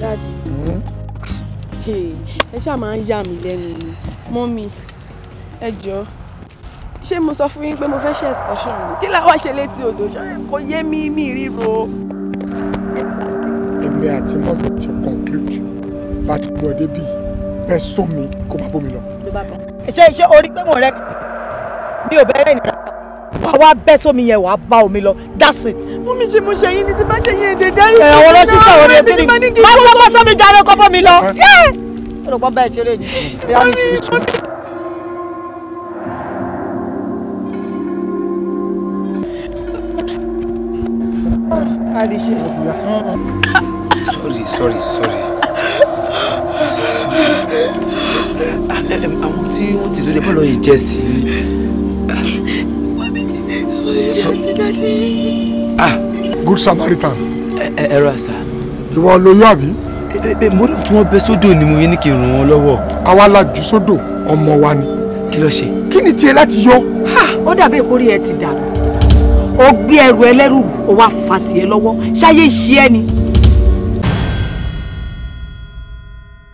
dáàdì ẹ ṣáà máa ń yà mí lẹ́nu ni mọ́mí ẹ jọ ṣé mo sọ fún yín pé mo fẹ́ ṣe excursion ni kí la wá ṣe létí odò ṣe kò yé mi mi ríro. èmi àti mọ́mí ti conclude bá ti gbọ́ débi bẹ́ẹ̀ sómi kó má bómi lọ. ẹ ṣe iṣẹ́ orí pé mò ń mi ò bẹ́ẹ̀ nìkan wàá wá bẹ́ sómi yẹn wàá bá omi lọ that's it. mú mi ṣe mo ṣe yín ni tí bá ṣe yín èdè dárí sí mi náà àwọn ọlọ́sìn sọ̀rọ̀ ní ẹbí mi bá sómi jáde kọ́ fún lọ. ó lọ pọ́n bẹ́ẹ̀ ṣeré ni. Sorry, sorry, sorry. Àwọn tí wọ́n ti sọ de bọ́ọ̀lù yìí jẹ́ sí i. Ah, good Samaritan. Ẹ ra sá. Ìwọ lo yọ àbí? Mo ní kí wọ́n bẹ sódò ni mo yẹ ní kí n ràn wọ́n lọ́wọ́. Àwa la jù sódò ọmọ wa ni. Kí ló ṣe? Kí ni tiẹ̀ láti yọ? Ó dàbí ìkórè ẹ ti dànù. O gbé ẹrù ẹlẹ́rù, o wá fa tiẹ̀ lọ́wọ́. Ṣáyé ṣí ẹni.